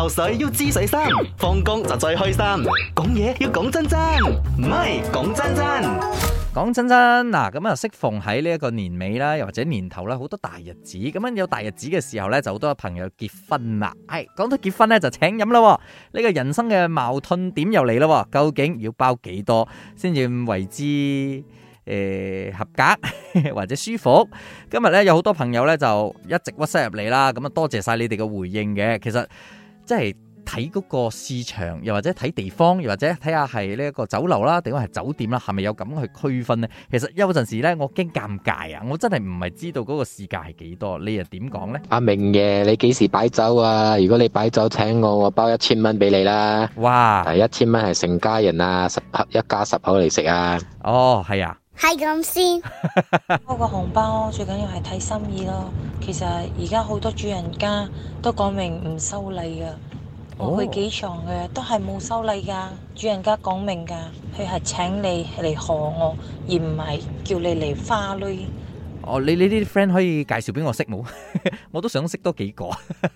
流水要知水深，放工就最開心。講嘢要講真真，唔係講真真講真真嗱。咁啊又適逢喺呢一個年尾啦，又或者年頭啦，好多大日子咁樣，有大日子嘅時候咧，就好多朋友結婚啦。係、哎、講到結婚咧，就請飲啦。呢、這個人生嘅矛盾點又嚟啦，究竟要包幾多先至為之誒、呃、合格或者舒服？今日咧有好多朋友咧就一直 WhatsApp 入嚟啦，咁啊多謝晒你哋嘅回應嘅。其實。即係睇嗰個市場，又或者睇地方，又或者睇下係呢一個酒樓啦，定係酒店啦，係咪有咁去區分呢？其實有陣時呢，我驚尷尬啊！我真係唔係知道嗰個市價係幾多，你又點講呢？阿明爺，你幾時擺酒啊？如果你擺酒請我，我包一千蚊俾你啦。哇！係一千蚊係成家人啊，十一家十口嚟食啊？哦，係啊。係咁先，開個 紅包最緊要係睇心意咯。其實而家好多主人家都講明唔收禮噶，oh. 我去幾場嘅都係冇收禮噶。主人家講明噶，佢係請你嚟賀我，而唔係叫你嚟花你。哦、oh，你你啲 friend 可以介紹畀我識冇？ 我都想識多幾個。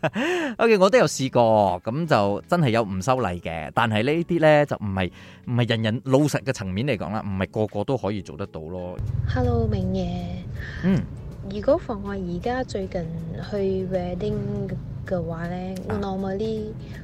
OK，我都有試過，咁就真係有唔收禮嘅。但係呢啲咧就唔係唔係人人老實嘅層面嚟講啦，唔係個個都可以做得到咯。Hello，明爺。嗯，如果 for 我而家最近去 Wedding 嘅話咧，我諗我呢～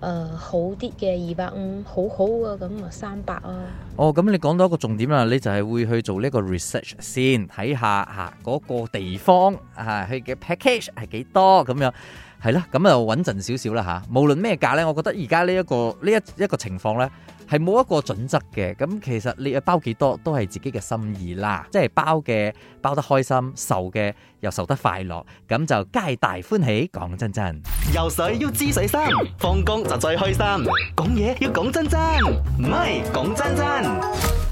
誒，uh, 好啲嘅二百五，好好嘅咁啊，三百啊。哦，咁你講到一個重點啦，你就係會去做呢個 research 先，睇下吓嗰個地方啊，佢嘅 package 係幾多咁樣。係啦，咁又穩陣少少啦嚇。無論咩價呢，我覺得而家呢一個呢一一個情況呢，係冇一個準則嘅。咁其實你包幾多都係自己嘅心意啦，即係包嘅包得開心，受嘅又受得快樂，咁就皆大歡喜。講真真，游水要知水深，放工就最開心，講嘢要講真真，唔係講真真。